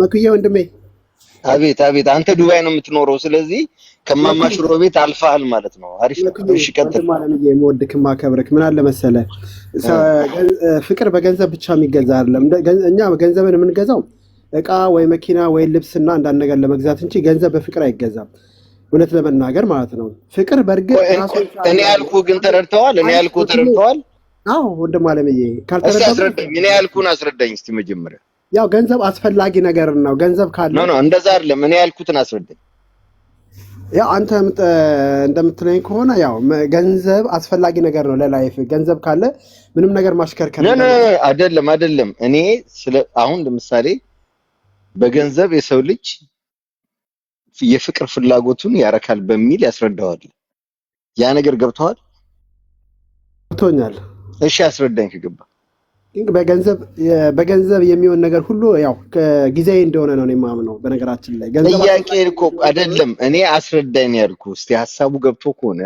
መኩዬ ወንድሜ። አቤት አቤት። አንተ ዱባይ ነው የምትኖረው፣ ስለዚህ ከማማሽሮ ቤት አልፋል ማለት ነው። አሪፍ ነው። እሺ ቀጥል። ማለት ነው የምወድክ ማከብርክ ምን አለ መሰለ፣ ፍቅር በገንዘብ ብቻ የሚገዛ አይደለም። እኛ ገንዘብን የምንገዛው እቃ ወይ መኪና ወይ ልብስና አንዳንድ ነገር ለመግዛት እንጂ ገንዘብ በፍቅር አይገዛም። እውነት ለመናገር ማለት ነው። ፍቅር በእርግጥ እኔ ያልኩ ግን ተረድተዋል። እኔ ያልኩ ተረድተዋል። አዎ ወንድም አለምዬ ካልተረዳኝ እኔ ያልኩን አስረዳኝ እስቲ መጀመሪያ ያው ገንዘብ አስፈላጊ ነገር ነው። ገንዘብ ካለ ኖ ኖ እንደዛ አይደለም። እኔ ያልኩትን አስረዳኝ። ያው አንተ እንደምትለኝ ከሆነ ያው ገንዘብ አስፈላጊ ነገር ነው ለላይፍ። ገንዘብ ካለ ምንም ነገር ማሽከርከር ነው። አይደለም አይደለም። እኔ ስለ አሁን ለምሳሌ በገንዘብ የሰው ልጅ የፍቅር ፍላጎቱን ያረካል በሚል ያስረዳዋል። ያ ነገር ገብተዋል? ገብቶኛል። እሺ አስረዳኝ ከገባ በገንዘብ የሚሆን ነገር ሁሉ ያው ጊዜ እንደሆነ ነው የማምነው። በነገራችን ላይ ጥያቄ እኮ አይደለም። እኔ አስረዳኝ ያልኩ እስቲ ሀሳቡ ገብቶ ከሆነ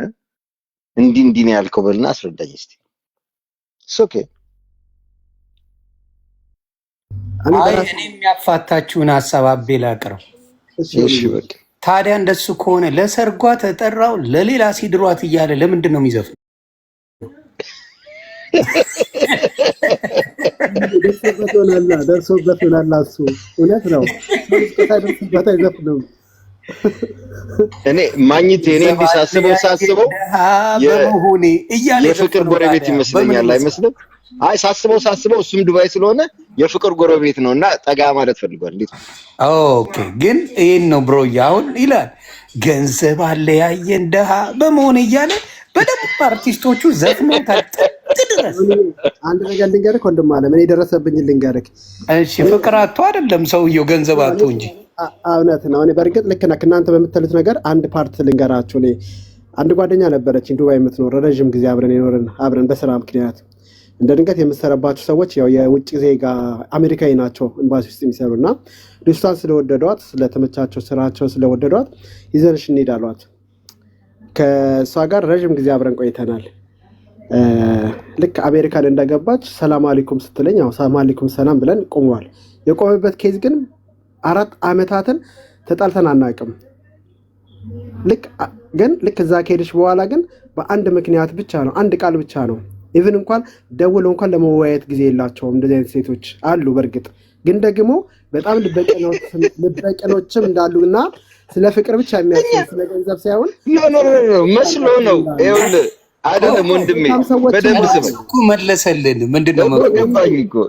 እንዲህ እንዲህ ነው ያልከው በልና አስረዳኝ እስቲ። ኦኬ እኔ የሚያፋታችሁን ሀሳብ አቤ ላቅረው። ታዲያ እንደሱ ከሆነ ለሰርጓ ተጠራው ለሌላ ሲድሯት እያለ ለምንድን ነው የሚዘፍነው? ደርሶበት ሆናላ ደርሶበት ሆናላ። እሱ እውነት ነው። ደርሶበት አይዘፍንም። እኔ እኔ እንዲህ ሳስበው ሳስበው የፍቅር ጎረቤት ይመስለኛል። አይመስልም? አይ ሳስበው ሳስበው እሱም ዱባይ ስለሆነ የፍቅር ጎረቤት ነው እና ጠጋ ማለት ፈልጓል። ኦኬ። ግን ይህን ነው ብሮ አሁን ይላል ገንዘብ አለያየን ደሃ በመሆን እያለ በደንብ አርቲስቶቹ ዘፍመው ታጠ አንድ ነገር ልንገርክ ወንድም አለ ምን የደረሰብኝ ልንገርክ። እሺ ፍቅር አቶ አይደለም ሰውየው ገንዘብ አቶ እንጂ እውነት ነው። እኔ በእርግጥ ልክ ነህ እናንተ በምትሉት ነገር አንድ ፓርት ልንገራችሁ። እኔ አንድ ጓደኛ ነበረች ዱባይ የምትኖር ረዥም ጊዜ አብረን የኖርን አብረን በስራ ምክንያት እንደ ድንገት የምሰረባቸው ሰዎች ያው የውጭ ዜጋ አሜሪካዊ ናቸው ኤምባሲ ውስጥ የሚሰሩ እና ልጅቷን ስለወደዷት ስለተመቻቸው ስራቸው ስለወደዷት ይዘንሽ እንሄዳሏት ከእሷ ጋር ረዥም ጊዜ አብረን ቆይተናል። ልክ አሜሪካን እንደገባች ሰላም አሊኩም ስትለኝ ያው ሰላም አሊኩም ሰላም ብለን ቆመዋል። የቆመበት ኬዝ ግን አራት ዓመታትን ተጣልተን አናውቅም። ግን ልክ እዛ ከሄደች በኋላ ግን በአንድ ምክንያት ብቻ ነው፣ አንድ ቃል ብቻ ነው። ኢቭን እንኳን ደውለው እንኳን ለመወያየት ጊዜ የላቸውም። እንደዚህ አይነት ሴቶች አሉ። በእርግጥ ግን ደግሞ በጣም ልበቀኖችም እንዳሉ እና ስለ ፍቅር ብቻ የሚያስ ስለ ገንዘብ ሳይሆን መስሎ ነው ይኸውልህ አይደለም ወንድሜ፣ በደንብ ስም እኮ መለሰልን። መገባኝ እኮ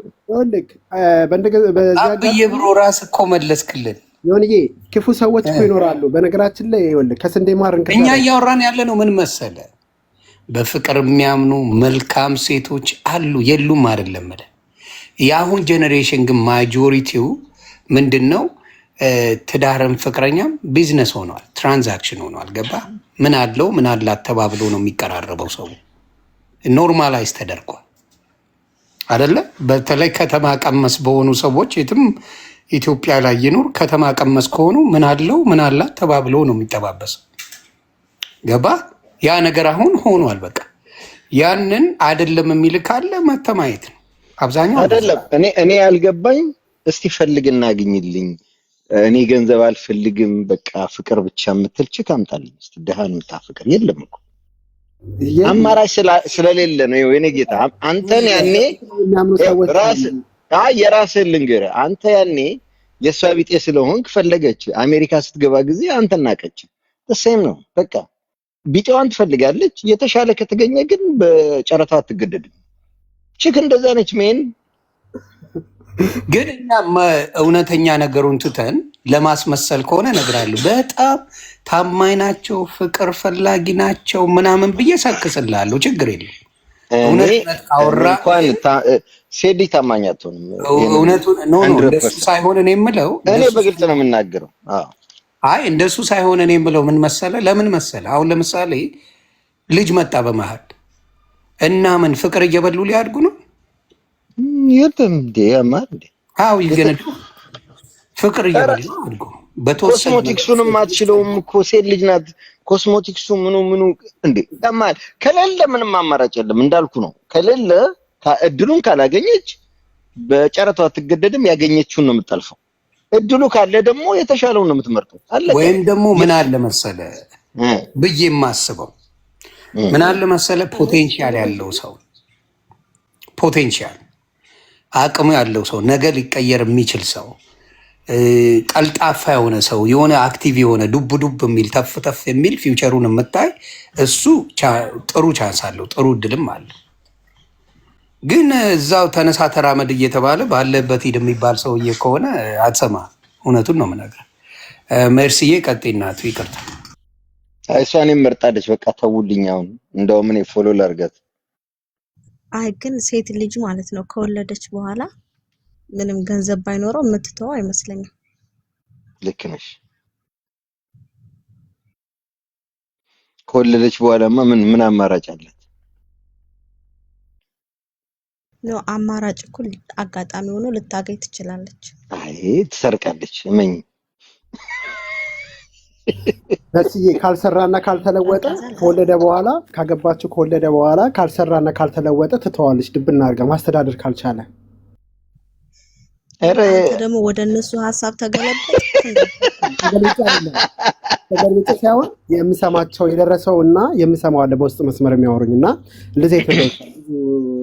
አብዬ ብሮ ራስ እኮ መለስክልን። ይሁንዬ ክፉ ሰዎች እኮ ይኖራሉ። በነገራችን ላይ ይኸውልህ ከስንዴ ማር እኛ እያወራን ያለ ነው ምን መሰለ፣ በፍቅር የሚያምኑ መልካም ሴቶች አሉ የሉም አይደለም። የአሁን ጄኔሬሽን ግን ማጆሪቲው ምንድን ነው ትዳርም ፍቅረኛም ቢዝነስ ሆኗል፣ ትራንዛክሽን ሆኗል። ገባ ምን አለው ምን አላት ተባብሎ ነው የሚቀራረበው ሰው ኖርማላይዝ ተደርጓል አደለ በተለይ ከተማ ቀመስ በሆኑ ሰዎች የትም ኢትዮጵያ ላይ ይኖር ከተማ ቀመስ ከሆኑ ምን አለው ምን አላት ተባብሎ ነው የሚጠባበሰው። ገባ ያ ነገር አሁን ሆኗል። በቃ ያንን አይደለም የሚል ካለ መተማየት ነው አብዛኛው። አደለም። እኔ ያልገባኝ እስቲ ፈልግና አግኝልኝ እኔ ገንዘብ አልፈልግም በቃ ፍቅር ብቻ የምትል ችክ አምጣልኝ እስኪ ድሃን የምታፍቅር የለም እኮ አማራጭ ስለሌለ ነው የኔ ጌታ አንተን ያኔ ራስ አይ የራስህን ልንገርህ አንተ ያኔ የእሷ ቢጤ ስለሆንክ ፈለገች አሜሪካ ስትገባ ጊዜ አንተ ናቀች ተሰይም ነው በቃ ቢጤዋን ትፈልጋለች የተሻለ ከተገኘ ግን በጨረታ አትገደድም ችክ እንደዛ ነች ሜን ግን እኛ እውነተኛ ነገሩን ትተን ለማስመሰል ከሆነ እነግርሃለሁ፣ በጣም ታማኝ ናቸው፣ ፍቅር ፈላጊ ናቸው ምናምን ብዬ ሰክስልሃለሁ። ችግር የለም። ሴዲ ታማኝ አትሆንም። እንደሱ ሳይሆን እኔ የምለው እኔ በግልጽ ነው የምናገረው። አይ እንደሱ ሳይሆን እኔ የምለው ምን መሰለ፣ ለምን መሰለ፣ አሁን ለምሳሌ ልጅ መጣ በመሀል እና ምን ፍቅር እየበሉ ሊያድጉ ነው የለም እንዴ ያማል እንዴ ይገነዱ ፍቅር ኮስሞቲክሱንም አትችለውም እኮ ሴት ልጅ ናት። ኮስሞቲክሱ ምኑ ምኑ እንዴ ከሌለ ምንም አማራጭ የለም እንዳልኩ ነው። ከሌለ እድሉን ካላገኘች በጨረቷ አትገደድም። ያገኘችውን ነው የምታልፈው። እድሉ ካለ ደግሞ የተሻለውን ነው የምትመርጠው። ወይም ደግሞ ምን አለ መሰለ ብዬ የማስበው ምን አለ መሰለ ፖቴንሻል ያለው ሰው ፖቴንሻል አቅሙ ያለው ሰው ነገ ሊቀየር የሚችል ሰው ቀልጣፋ የሆነ ሰው የሆነ አክቲቭ የሆነ ዱብ ዱብ የሚል ተፍ ተፍ የሚል ፊውቸሩን የምታይ እሱ ጥሩ ቻንስ አለው፣ ጥሩ እድልም አለ። ግን እዛው ተነሳ ተራመድ እየተባለ ባለበት ሂድ የሚባል ሰውዬ ከሆነ አትሰማ። እውነቱን ነው የምነግርህ። ሜርስዬ ቀጤ እናቱ ይቅርታ፣ እሷ እኔም መርጣለች። በቃ ተውልኝ። አሁን እንደውም እኔ ፎሎ ላድርጋት አይ ግን ሴት ልጅ ማለት ነው ከወለደች በኋላ ምንም ገንዘብ ባይኖረው የምትተው አይመስለኝም። ልክ ነሽ። ከወለደች በኋላማ ምን ምን አማራጭ አላት? ነው አማራጭ እኩል አጋጣሚ ሆኖ ልታገኝ ትችላለች። አይ ትሰርቃለች፣ እመኝ በስዬ ካልሰራና ካልተለወጠ ከወለደ በኋላ ካገባችው ከወለደ በኋላ ካልሰራና ካልተለወጠ ትተዋለች። ድብና አድርጋ ማስተዳደር ካልቻለ ደግሞ ወደ እነሱ ሀሳብ ተገለጠ ሳይሆን የምሰማቸው የደረሰው እና የምሰማው አለ በውስጥ መስመር የሚያወሩኝ እና እንደዚህ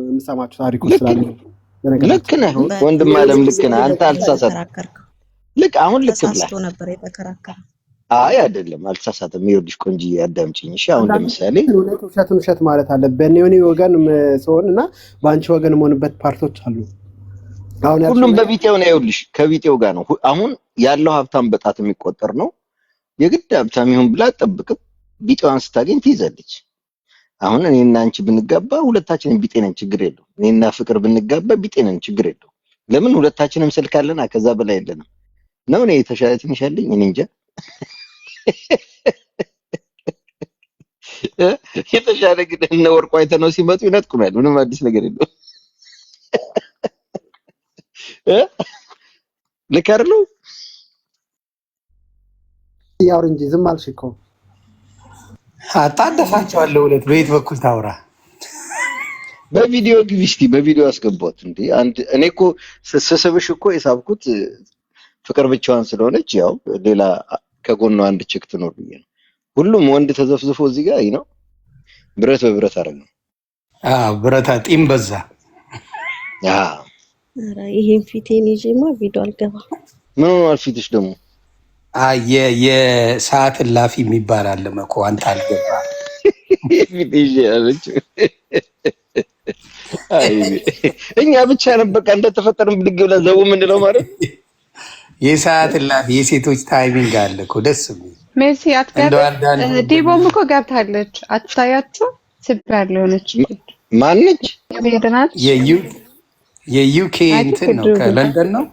የምሰማቸው ታሪኮ ስላለ ልክ ነህ ወንድም አለም፣ ልክ ነህ አንተ አልተሳሳትም። ልክ አሁን ልክ ብላ ነበር የተከራከረ አይ አይደለም፣ አልተሳሳትም። ይኸውልሽ ቆንጅዬ አዳምጪኝ እሺ። አሁን ለምሳሌ ውሸቱን ውሸት ማለት አለ። በእኔ ወገን ስሆን እና በአንቺ ወገን የሆንበት ፓርቶች አሉ። ሁሉም በቢጤው ነው። ይኸውልሽ ከቢጤው ጋር ነው። አሁን ያለው ሀብታም በጣት የሚቆጠር ነው። የግድ ሀብታም ይሁን ብላ አትጠብቅም። ቢጤዋን ስታገኝ ትይዛለች። አሁን እኔና አንቺ ብንጋባ ሁለታችንም ቢጤ ነን፣ ችግር የለው። እኔና ፍቅር ብንጋባ ቢጤ ነን፣ ችግር የለው። ለምን ሁለታችንም ስልክ አለና ከዛ በላይ የለንም። ነው እኔ የተሻለ ትንሽ አለኝ እኔ እንጃ የተሻለ ግን እነ ወርቁ አይተ ነው ሲመጡ ይነጥቁናል። ምንም አዲስ ነገር የለው። ልክ አይደለው? ያውር እንጂ ዝም አልሽ እኮ አጣደፋቸዋለሁ። ሁለት በየት በኩል ታውራ በቪዲዮ ግቢ እስኪ በቪዲዮ አስገባት። እንደ አንድ እኔ እኮ ስስብሽ እኮ የሳብኩት ፍቅር ብቻዋን ስለሆነች ያው ሌላ ከጎኑ አንድ ቼክ ትኖር ብዬ ነው። ሁሉም ወንድ ተዘፍዝፎ እዚህ ጋር ነው። ብረት በብረት አይደለም ነው። ብረታ ጢም በዛ። ይሄን ፊቴን ይዤማ ቪዲዮ አልገባ። ምን ሆኗል ፊትሽ ደግሞ? የሰዓት እላፊ የሚባል አለ መኮ አንተ አልገባ እኛ ብቻ ነበቃ በቃ እንደተፈጠርን ብድግ ብለን ዘው የምንለው ማለት ነው። የሰዓት እላፊ የሴቶች ታይሚንግ አለ እኮ ደስ የሚል ሜርሲ አትጋብ ዲቦም እኮ ገብታለች። አትታያችሁ ስብራል የሆነች ማነች? የዩኬ እንትን ነው ከለንደን ነው